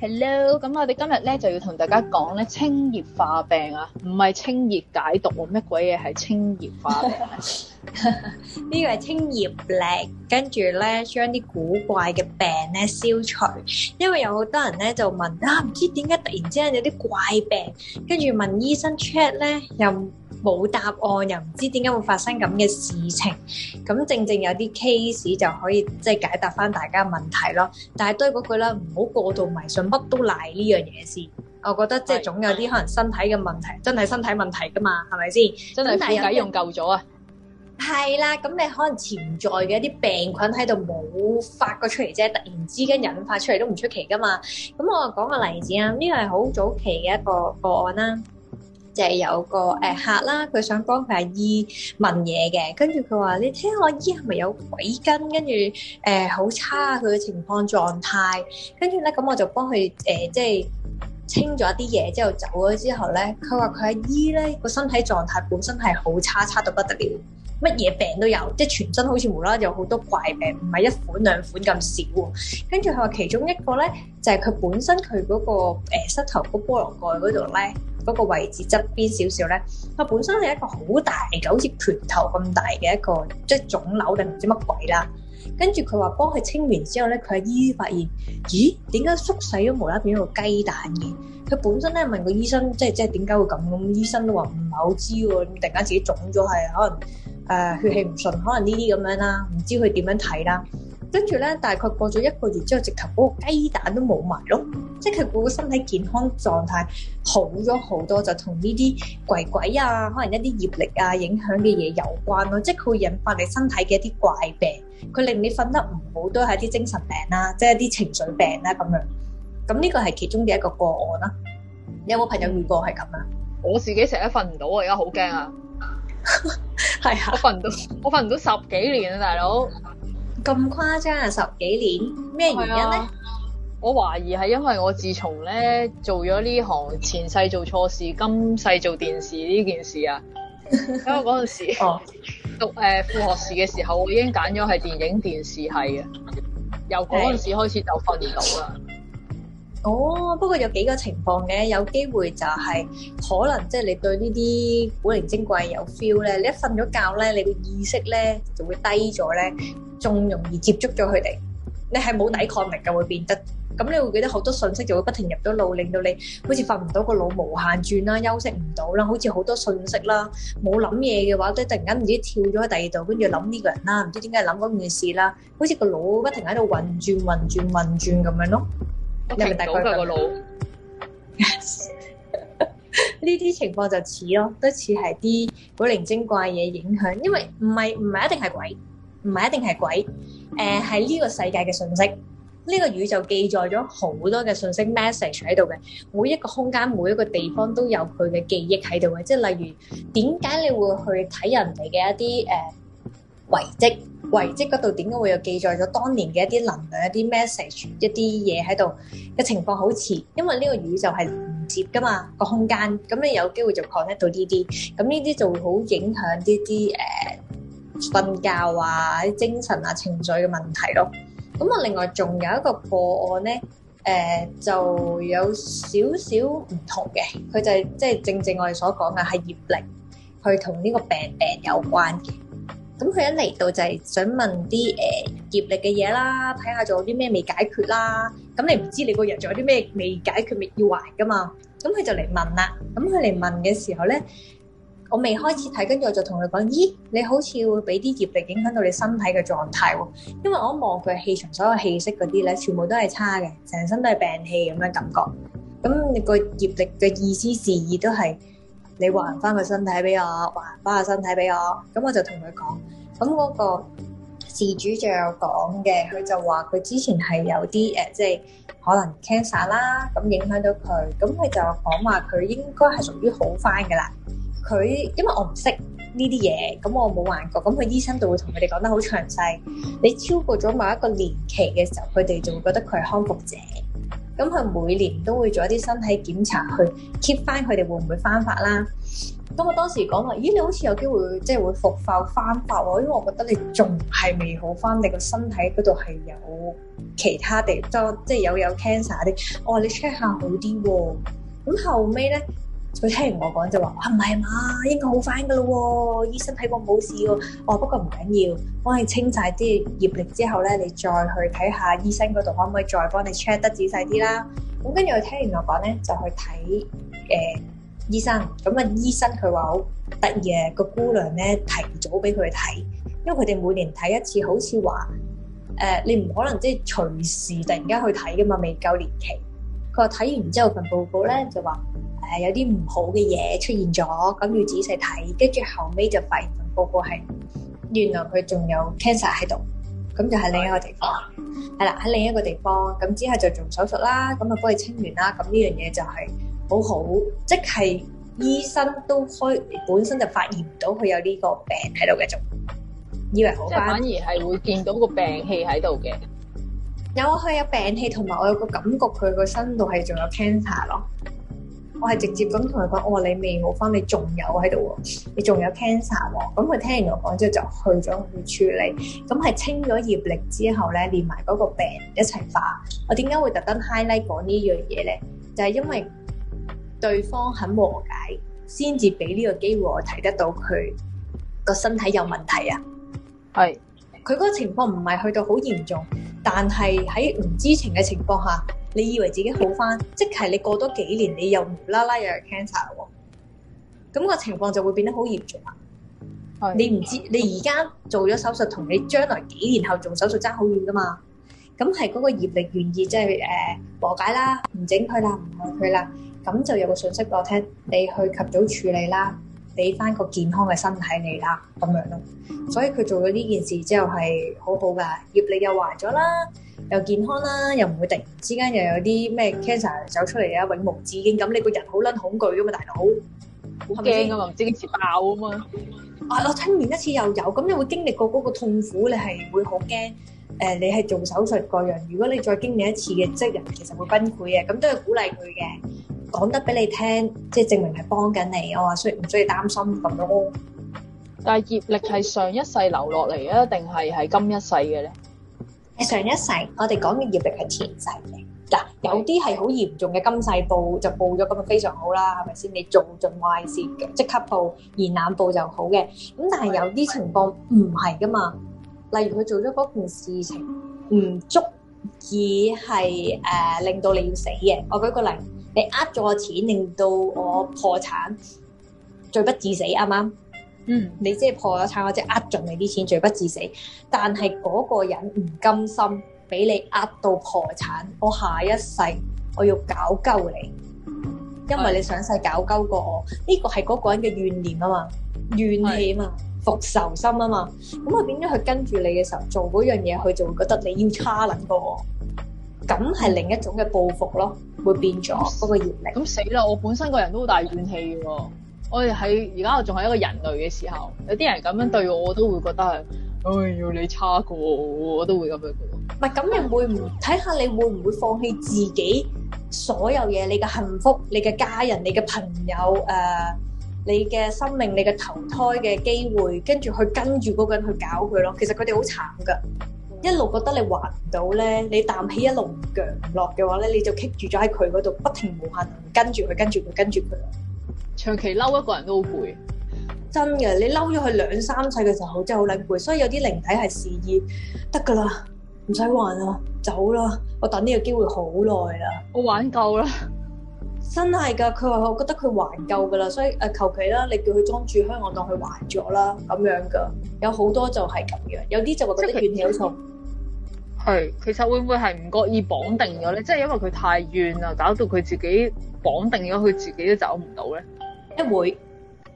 Hello，咁我哋今日咧就要同大家講咧清業化病啊，唔係清熱解毒喎、啊，乜鬼嘢係清業化病、啊？病？呢個係清業力，跟住咧將啲古怪嘅病咧消除。因為有好多人咧就問，啊唔知點解突然之間有啲怪病，跟住問醫生 check 咧又，冇答案，又唔知點解會發生咁嘅事情，咁正正有啲 case 就可以即係解答翻大家問題咯。但係都係嗰句啦，唔好過度迷信，乜都賴呢樣嘢先。我覺得即係總有啲可能身體嘅問題，真係身體問題噶嘛，係咪先？真係佢體用夠咗啊！係是 啦，咁你可能潛在嘅一啲病菌喺度冇發過出嚟啫，突然之間引發出嚟都唔出奇噶嘛。咁我就講個例子啊，呢個係好早期嘅一個個案啦、啊。就係有個誒客啦，佢想幫佢阿姨問嘢嘅，跟住佢話：你聽我阿姨係咪有鬼根？跟住誒好差佢嘅情況狀態。跟住咧，咁我就幫佢誒，即係清咗一啲嘢之後走咗之後咧，佢話佢阿姨咧個身體狀態本身係好差，差到不得了，乜嘢病都有，即係全身好似無啦啦有好多怪病，唔係一款兩款咁少。跟住佢話其中一個咧，就係佢本身佢嗰個膝頭嗰菠蘿蓋嗰度咧。嗰個位置側邊少少咧，佢本身係一個好大嘅，好似拳頭咁大嘅一個，即係腫瘤定唔知乜鬼啦。跟住佢話幫佢清完之後咧，佢嘅醫生發現，咦？點解縮細咗，無啦啦變咗一個雞蛋嘅？佢本身咧問個醫生，即係即係點解會咁？醫生都話唔係好知喎。咁突然間自己腫咗，係可能誒、呃、血氣唔順，可能呢啲咁樣樣啦，唔知佢點樣睇啦。跟住咧，大概過咗一個月之後，直頭嗰個雞蛋都冇埋咯。即係佢個身體健康狀態好咗好多，就同呢啲鬼鬼啊，可能一啲業力啊影響嘅嘢有關咯、啊。即係佢會引發你身體嘅一啲怪病，佢令你瞓得唔好都係一啲精神病啦、啊，即係一啲情緒病啦、啊、咁樣。咁呢個係其中嘅一個個案啦、啊。有冇朋友遇過係咁啊？我自己成日瞓唔到啊，而家好驚啊！係啊，我瞓唔到，我瞓唔到十幾年啊，大佬咁誇張啊！十幾年咩原因咧？我懷疑係因為我自從咧做咗呢行，前世做錯事，今世做電視呢件事啊。喺 我嗰陣時、oh. 讀誒、呃、副學士嘅時候，我已經揀咗係電影電視系嘅，由嗰陣時開始就瞓唔到啦。哦，oh, 不過有幾個情況嘅，有機會就係、是、可能即係你對呢啲古靈精怪有 feel 咧，你一瞓咗覺咧，你嘅意識咧就會低咗咧，仲容易接觸咗佢哋。你係冇抵抗力嘅，會變得咁，你會覺得好多信息就會不停入咗腦，令到你好似瞓唔到個腦無限轉啦，休息唔到啦，好似好多信息啦，冇諗嘢嘅話都突然間唔知跳咗喺第二度，跟住諗呢個人啦，唔知點解諗嗰件事啦，好似個腦不停喺度運轉、運轉、運轉咁樣咯，你係攪緊個腦？Yes，呢啲情況就似咯，都似係啲古靈精怪嘢影響，因為唔係唔係一定係鬼。唔係一定係鬼，誒，係呢個世界嘅信息，呢個宇宙記載咗好多嘅信息 message 喺度嘅，每一個空間、每一個地方都有佢嘅記憶喺度嘅，即係例如點解你會去睇人哋嘅一啲誒、呃、遺跡，遺跡嗰度點解會有記載咗當年嘅一啲能量、一啲 message、一啲嘢喺度嘅情況，好似因為呢個宇宙係連接㗎嘛個空間，咁你有機會就 connect 到呢啲，咁呢啲就會好影響呢啲誒。呃瞓覺啊，啲精神啊、情緒嘅問題咯。咁啊，另外仲有一個個案咧，誒、呃、就有少少唔同嘅，佢就係即係正正我哋所講嘅係業力，佢同呢個病病有關嘅。咁佢一嚟到就係想問啲誒、呃、業力嘅嘢啦，睇下仲有啲咩未解決啦。咁、嗯、你唔知你個人仲有啲咩未解決未要還噶嘛？咁、嗯、佢就嚟問啦。咁佢嚟問嘅時候咧。我未開始睇，跟住我就同佢講：咦，你好似會俾啲業力影響到你身體嘅狀態喎、哦。因為我一望佢氣場，所有氣息嗰啲咧，全部都係差嘅，成身都係病氣咁嘅感覺。咁你、那個業力嘅意思示意都係你還翻個身體俾我，還翻個身體俾我。咁我就同佢講，咁嗰個事主就有講嘅，佢就話佢之前係有啲誒、呃，即係可能 cancer 啦，咁影響到佢。咁佢就講話佢應該係屬於好翻噶啦。佢因為我唔識呢啲嘢，咁我冇玩過，咁佢醫生就會同佢哋講得好詳細。你超過咗某一個年期嘅時候，佢哋就會覺得佢係康復者。咁佢每年都會做一啲身體檢查，去 keep 翻佢哋會唔會翻發啦。咁我當時講話，咦，你好似有機會即係會復發翻發喎，因為我覺得你仲係未好翻，你個身體嗰度係有其他地方即係有有 cancer 嘅。哦，我話你 check 下好啲喎、哦。咁後尾咧。佢聽完我講就話：啊唔係嘛，應該好翻噶咯喎！醫生睇過冇事喎。哦，不過唔緊要緊，幫你清晒啲業力之後咧，你再去睇下醫生嗰度，可唔可以再幫你 check 得仔細啲啦？咁跟住佢聽完我講咧，就去睇誒、呃、醫生。咁、嗯、啊，醫生佢話好得意啊，個姑娘咧提早俾佢睇，因為佢哋每年睇一次，好似話誒，你唔可能即係隨時突然間去睇噶嘛，未夠年期。佢話睇完之後份報告咧，就話。係有啲唔好嘅嘢出現咗，咁要仔細睇，跟住後尾就發現個個係原來佢仲有 cancer 喺度，咁就係另一個地方，係啦，嗯，喺另一個地方，咁之後就做手術啦，咁啊幫佢清完啦，咁呢樣嘢就係好好，即係醫生都開本身就發現唔到佢有呢個病喺度繼續，以為好反而係會見到個病氣喺度嘅。有啊，佢有病氣，同埋我有個感覺，佢個身度係仲有 cancer 咯。我係直接咁同佢講，我話你未好翻，你仲有喺度喎，你仲有 cancer 喎。咁佢、嗯、聽完我講之後就去咗去處理。咁係清咗業力之後咧，連埋嗰個病一齊化。我點解會特登 highlight 講呢樣嘢咧？就係、是、因為對方肯和解，先至俾呢個機會我睇得到佢個身體有問題啊。係是，佢嗰個情況唔係去到好嚴重，但係喺唔知情嘅情況下。你以為自己好返，即係你過多幾年，你又無啦啦又去 cancer，咁個情況就會變得好嚴重啊！ 你唔知你而家做咗手術，同你將來幾年後做手術爭好遠㗎嘛？咁係嗰個業力願意即係誒和解啦，唔整佢啦，唔愛佢啦，咁就有個訊息俾我聽，你去及早處理啦。俾翻個健康嘅身體你啦，咁樣咯。所以佢做咗呢件事之後係好好噶，業力又壞咗啦，又健康啦，又唔會突然之間又有啲咩 cancer 走出嚟啊，永無止境。咁你個人好撚恐懼噶嘛，大佬。好驚噶嘛，唔知幾時爆啊嘛。啊，我親見一次又有，咁你會經歷過嗰個痛苦，你係會好驚。誒、呃，你係做手術嗰樣，如果你再經歷一次嘅職人其實會崩潰嘅。咁都係鼓勵佢嘅。講得俾你聽，即係證明係幫緊你。我話需唔需要擔心咁咯？但係業力係上一世留落嚟嘅，定係係今一世嘅咧？係上一世，我哋講嘅業力係前世嘅嗱。有啲係好嚴重嘅，今世報就報咗咁啊，非常好啦，係咪先？你做盡壞事，即刻報現眼報就好嘅。咁但係有啲情況唔係噶嘛，例如佢做咗嗰件事情，唔足以係誒令到你要死嘅。我舉個例。你呃咗我錢，令到我破產，罪不至死，啱唔啱？嗯，你即係破咗產，或者呃盡你啲錢，罪不至死。但係嗰個人唔甘心，俾你呃到破產，我下一世我要搞鳩你，因為你上世搞鳩過我，呢個係嗰個人嘅怨念啊嘛，怨氣啊嘛，復是仇心啊嘛。咁佢變咗佢跟住你嘅時候做嗰樣嘢，佢就會覺得你要差捻過我，咁係另一種嘅報復咯。會變咗嗰個業力，咁死啦！我本身個人都好大怨氣嘅，我哋喺而家我仲係一個人類嘅時候，有啲人咁樣對我，我都會覺得，嗯、唉，要你差過我，我都會咁樣嘅。唔係，咁你會唔睇下你會唔會放棄自己所有嘢？你嘅幸福、你嘅家人、你嘅朋友、誒、呃，你嘅生命、你嘅投胎嘅機會，跟住去跟住嗰個人去搞佢咯。其實佢哋好慘噶。一路覺得你還唔到咧，你啖氣一路唔降唔落嘅話咧，你就棘住咗喺佢嗰度，不停無限跟住佢，跟住佢，跟住佢。長期嬲一個人都好攰，真嘅。你嬲咗佢兩三世嘅時候，真係好撚攰。所以有啲靈體係示意得㗎啦，唔使還啦，走啦。我等呢個機會好耐啦，我還夠啦，真係㗎。佢話：我覺得佢還夠㗎啦，所以誒，求其啦，你叫佢裝住香，我當佢還咗啦，咁樣㗎。有好多就係咁樣，有啲就話覺得怨氣好重。係，其實會唔會係唔覺意綁定咗咧？即係因為佢太怨啦，搞到佢自己綁定咗，佢自己都走唔到咧。會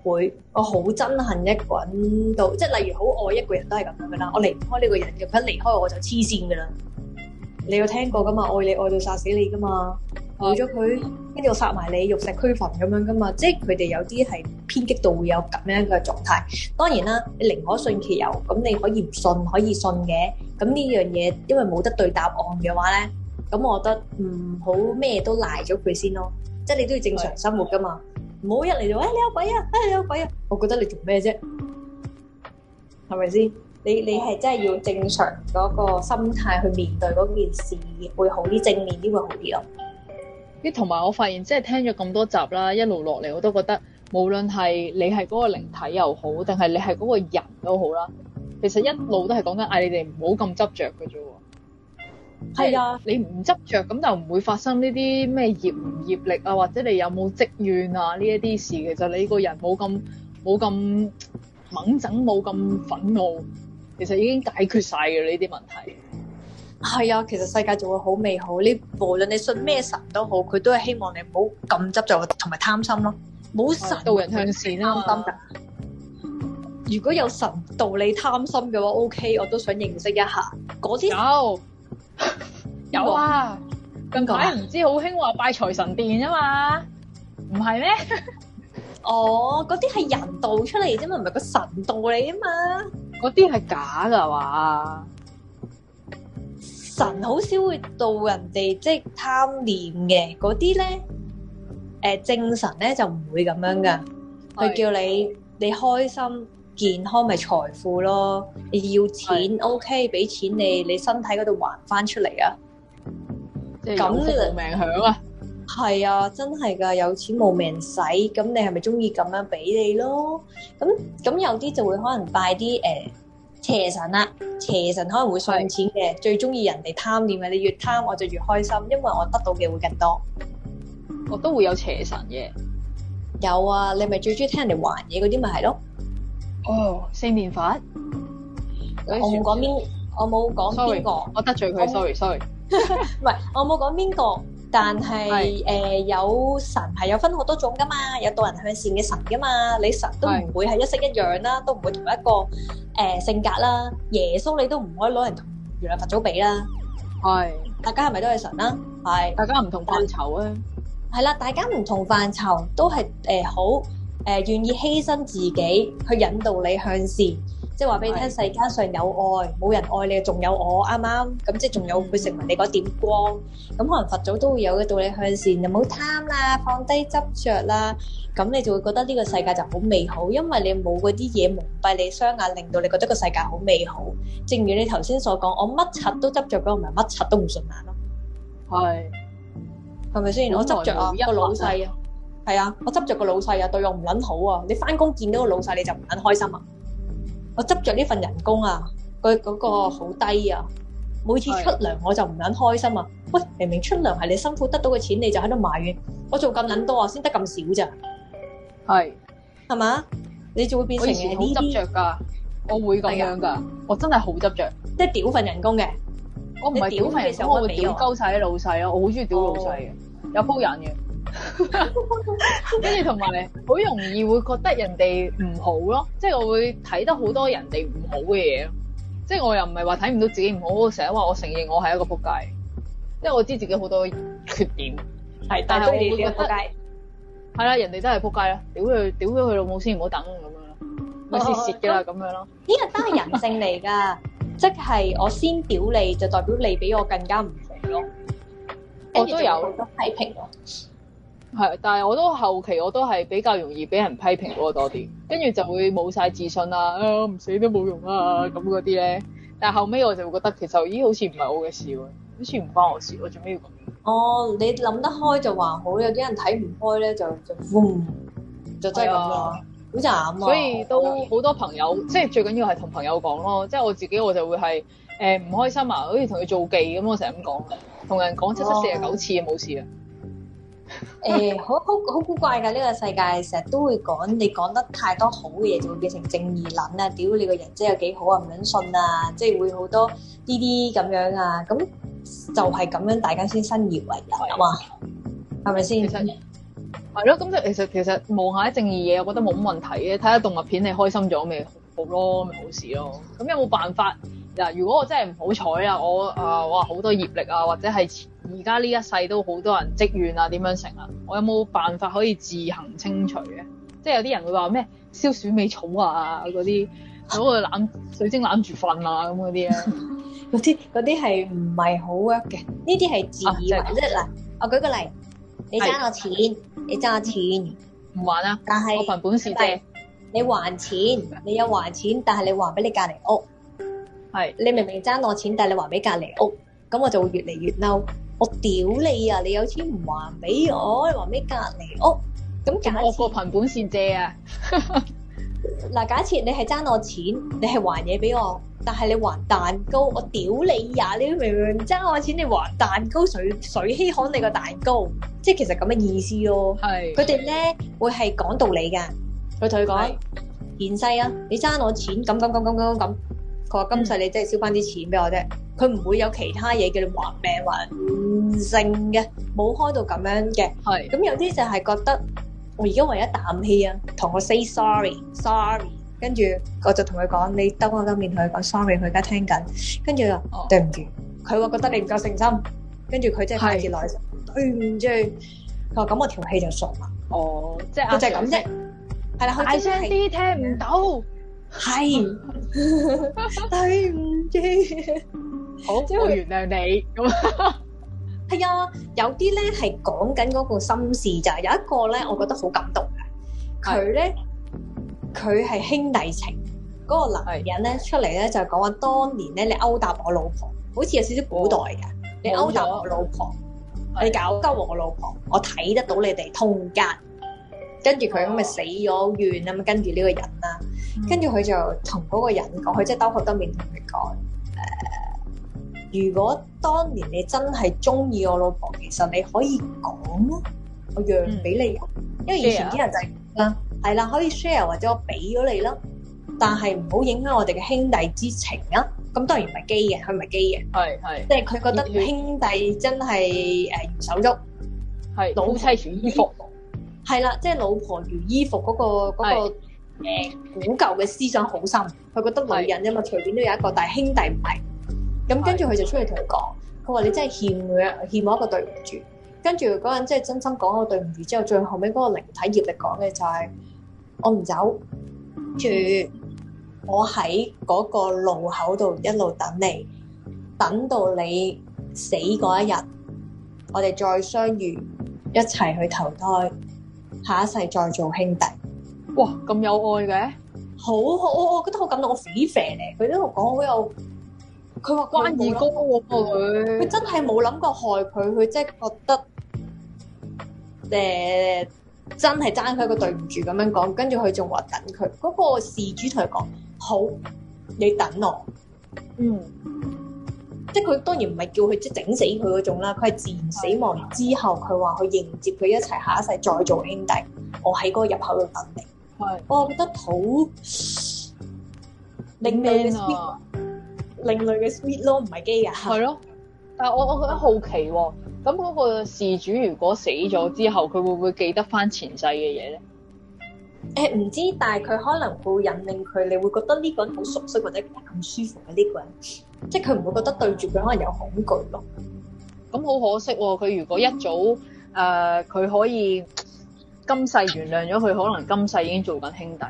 會，我好憎恨一個人到，即係例如好愛一個人都係咁樣啦，我離唔開呢個人，佢唔肯離開我就黐線㗎啦。你有聽過㗎嘛？愛你愛到殺死你㗎嘛？冇咗佢，跟住我發埋你玉石俱焚咁樣噶嘛，即係佢哋有啲係偏激到會有咁樣嘅狀態。當然啦，你寧可信其有，咁你可以唔信，可以信嘅。咁呢樣嘢因為冇得對答案嘅話咧，咁我覺得唔好咩都賴咗佢先咯。即係你都要正常生活噶嘛，唔好一嚟就，哎，你有鬼啊，哎、你有鬼啊！我覺得你做咩啫？係咪先？你你係真係要正常嗰個心態去面對嗰件事，會好啲，正面啲會好啲咯。啲同埋，我發現即係聽咗咁多集啦，一路落嚟我都覺得，無論係你係嗰個靈體又好，定係你係嗰個人都好啦，其實一路都係講緊嗌你哋唔好咁執着嘅啫喎。係啊的，你唔執着咁就唔會發生呢啲咩業唔業力啊，或者你有冇積怨啊呢一啲事。其實你個人冇咁冇咁掹整，冇咁憤怒，其實已經解決晒嘅呢啲問題。係啊，其實世界就會好美好。無論你無論你信咩神都好，佢都係希望你唔好咁執着同埋貪心咯，唔好神道會會貪，哦、導人向善貪心噶。如果有神道你貪心嘅話，OK，我都想認識一下嗰啲有 有啊，啊近排唔知好興話拜財神殿啊嘛，唔係咩？ 哦，嗰啲係人道出嚟啫嘛，唔係個神道嚟啊嘛，嗰啲係假噶嘛。神好少會導人哋即係貪念嘅，嗰啲咧，誒，正神咧就唔會咁樣噶，佢叫你你開心健康咪財富咯，你要錢 OK，俾錢你，你身體嗰度還翻出嚟，啊，即係有錢無命享啊，係啊，真係噶，有錢冇命使，咁你係咪中意咁樣俾你咯？咁咁有啲就會可能拜啲誒。邪神啦、啊，邪神可能會上錢嘅，是最中意人哋貪念嘅，你越貪我就越開心，因為我得到嘅會更多。我都會有邪神嘅，有啊，你咪最中意聽人哋玩嘢嗰啲咪係咯。哦，四面佛。 我冇講邊， 我冇講邊個，sorry，我得罪佢，sorry，sorry。唔係，我冇講邊個。但係誒是、呃、有神係有分好多種噶嘛，有導人向善嘅神噶嘛，你神都唔會係一式一樣啦，是都唔會同一個誒、呃、性格啦。耶穌你都唔可以攞人同如來佛祖比啦。係是，大家係咪都係神啦、啊？係，大家唔同範疇啊。係啦，大家唔同範疇都係誒、呃、好誒、呃、願意犧牲自己去引導你向善。即係話俾你聽，世間上有愛，冇人愛你，仲有我啱啱咁，即係仲有會成為你嗰點光。咁可能佛祖都會有嘅道理向善，你唔好貪啦，放低執着啦，咁你就會覺得呢個世界就好美好，因為你冇嗰啲嘢蒙蔽你雙眼，令到你覺得個世界好美好。正如你頭先所講，我乜柒都執着嘅，我咪乜柒都唔順眼咯。係係咪先？我執着個老細啊，係啊，我執着個老細啊，對我唔捻好啊，你翻工見到個老細你就唔捻開心啊。我執着呢份人工啊，佢嗰個好低啊，每次出糧我就唔撚開心啊。喂的，明明出糧係你辛苦得到嘅錢，你就喺度買嘅，我做咁撚多啊，先得咁少咋？係係嘛？你就會變成好執着㗎。我會咁樣㗎，我真係好執着。即係屌份人工嘅。我唔係屌份嘅時候，我會屌鳩晒啲老細啊。我好中意屌老細嘅，oh. 有鋪人嘅。 跟住同埋，好容易會覺得人哋唔好咯，即係我會睇得好多人哋唔好嘅嘢，即係我又唔係話睇唔到自己唔好，我成日話我承認我係一個撲街，因為我知自己好多缺點，係，但係我會覺得係啦，人哋都係撲街啦，屌佢，屌咗佢老母先，唔好等我咁樣，咪蝕蝕嘅啦，咁樣咯。呢個都係人性嚟噶。即係我先屌你，就代表你比我更加唔好咯。然後 我都有批評我。 係，但係我都後期我都係比較容易俾人批評咯多啲，跟住就會冇晒自信啦、啊，我、啊、唔死都冇用啊咁嗰啲咧。但後尾我就會覺得其實咦好似唔係我嘅事喎，好似唔關我事，我做咩要咁？哦，你諗得開就話好，有啲人睇唔開咧就就，嗯、就就，嗯，就真係咁咯，好慘啊！啊所以都好多朋友，嗯、即係最緊要係同朋友講咯，即係我自己我就會係誒唔開心啊，好似同佢做記咁，我成日咁講嘅，同人講七七四十九次冇事啊。哦嗯。誒，好好好古怪噶呢個世界，成日都會講你講得太多好嘅嘢，就會變成正義撚啊！屌你個人真係幾好啊？唔忍信啊！即係會好多呢啲咁樣啊！咁就係咁樣，大家先身而為友啊？係咪先？係咯吧，咁即係其實其實望下啲正義嘢，我覺得冇乜問題嘅。睇下動物片，你開心咗咪好咯，咪好事咯。咁有冇辦法嗱？如果我真係唔好彩啊，我啊哇好多業力啊，或者係。而家呢一世都好多人積怨啊，點樣成啊？我有冇辦法可以自行清除嘅？即係有啲人會話咩燒鼠尾草啊嗰啲，攞去攬水晶攬住瞓啊咁嗰啲咧，嗰啲啲係唔係好 work 嘅？呢啲係自以為叻嗱。我舉個例，你爭我錢，你爭我錢，唔還啊，但係，我憑本事啫。你還錢，你有還錢，但係你還俾你隔離屋，係你明明爭我錢，但係你還俾隔離屋，咁我就會越嚟越嬲。我屌你啊！你有錢唔還俾我，你還俾隔籬屋？咁、oh, 假設我個憑本線借啊，嗱，假設你係爭我錢，你係還嘢俾我，但係你還蛋糕，我屌你呀、啊！你明唔明爭我錢，你還蛋糕水，誰誰稀罕你個蛋糕，即係其實咁嘅意思咯、哦。係佢哋咧會係講道理噶，佢同佢講現世啊，你爭我錢，咁咁咁咁咁咁，佢話今世你真係燒翻啲錢俾我啫，佢唔、嗯、會有其他嘢叫你還命還。性嘅冇開到咁樣嘅，係咁有啲就係覺得我而家為一啖氣啊，同我 say sorry sorry，跟住我就同佢講，你兜下兜面同佢講 sorry，佢而家聽緊，跟住哦，對唔住，佢會覺得你唔夠誠心，跟住佢即係開始內疚，對唔住，佢話咁我條氣就熟啦，哦，即係就係咁啫，係啦，大聲啲聽唔到，係對唔住，好，我原諒你咁啊。係啊，有啲咧係講緊嗰個心事就係，有一個咧我覺得好感動嘅，佢咧佢係兄弟情，嗰、那個男人咧出嚟咧就講、是、話當年咧你勾搭我老婆，好似有少少古代嘅，你勾搭我老婆，了你搞鳩我老婆，的我睇得到你哋通姦，跟住佢咁咪死咗怨啊，咁跟住呢個人啦，嗯、跟住佢就同嗰個人講，佢即係兜口兜面同佢講。如果當年你真係中意我老婆，其實你可以講囉，我讓俾你，嗯、因為以前啲人就係啦，係啦、嗯，可以 share 或者我俾咗你啦，但係唔好影響我哋嘅兄弟之情啊。咁當然唔係基嘅，佢唔係基嘅，係係，即係佢覺得兄弟真係誒如手足，係老妻如衣服，係啦，即係老婆如衣服嗰、嗰個嗰、嗰個、誒古舊嘅思想好深，佢的覺得女人啊嘛的隨便都有一個，但係兄弟唔係。咁跟住佢就出嚟同佢講，佢話你真係欠佢，欠我一個對唔住。跟住嗰陣真係真心講我對唔住之後，最後尾嗰個靈體業力講嘅就係我唔走住，我喺嗰個路口度一路等你，等到你死嗰一日，我哋再相遇，一齊去投胎，下一世再做兄弟。哇！咁有愛嘅！好我我覺得我感到我肥肥咧，佢都講好有。佢話關二哥喎佢，佢真係冇諗過害佢，佢即係覺得誒真係爭佢個對唔住咁樣講，跟住佢仲話等佢嗰個事主同佢講：好，你等我。嗯，即係佢當然唔係叫佢即係整死佢嗰種啦，佢係自然死亡之後，佢話去迎接佢一齊下一世再做兄弟。我喺個入口度等你。係。我覺得好令命啊！另類嘅 sweet 咯，唔係雞啊！係咯 但係我我覺得好奇喎、哦。咁嗰個事主如果死咗之後，佢會唔會記得翻前世嘅嘢咧？誒唔、欸、知，但係佢可能會引領佢，你會覺得呢個人好熟悉，或者咁舒服嘅呢個人，即係佢唔會覺得對住佢可能有恐懼咯。咁好可惜喎、哦！佢如果一早誒，佢、嗯呃、可以今世原諒咗佢，可能今世已經做緊兄弟。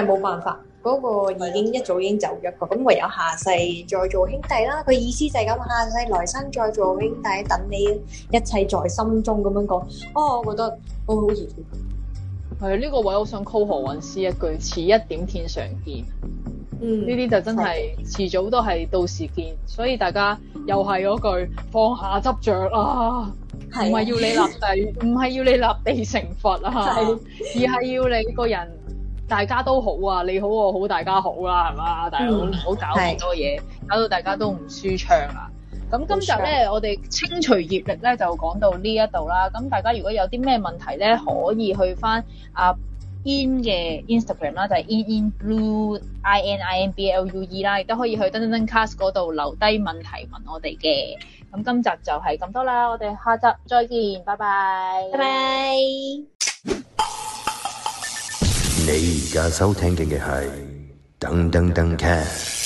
誒冇、嗯、辦法。嗰個已經一早已經走咗個，咁的唯有下世再做兄弟啦。佢意思就係咁，下世來生再做兄弟，等你一切在心中咁樣講。哦，我覺得都、哦、好熱。係啊，呢個位我想 call 何韻詩一句，遲一點天常見。嗯，呢啲、嗯、就真係遲早都係到時見，所以大家又係嗰句放下執著啦，唔、啊、係的要你立地，唔係要你立地成佛的啊，而係要你個人。大家都好啊，你好，我好大家好啦、啊，係嘛？嗯、大家唔好搞咁多嘢，是搞到大家都唔舒暢啊。咁、嗯、今集呢，嗯、我哋清除業力呢，就講到呢一度啦。咁大家如果有啲咩問題呢，可以去翻阿、啊、In 嘅 Instagram 啦，就係、是、In In Blue I N I N B L U E 啦，亦都可以去噔噔噔 Cast 嗰度留低問題問我哋嘅。咁今集就係咁多啦，我哋下集再見，拜拜。拜拜。你而家收聽嘅係《噔噔噔 cast》。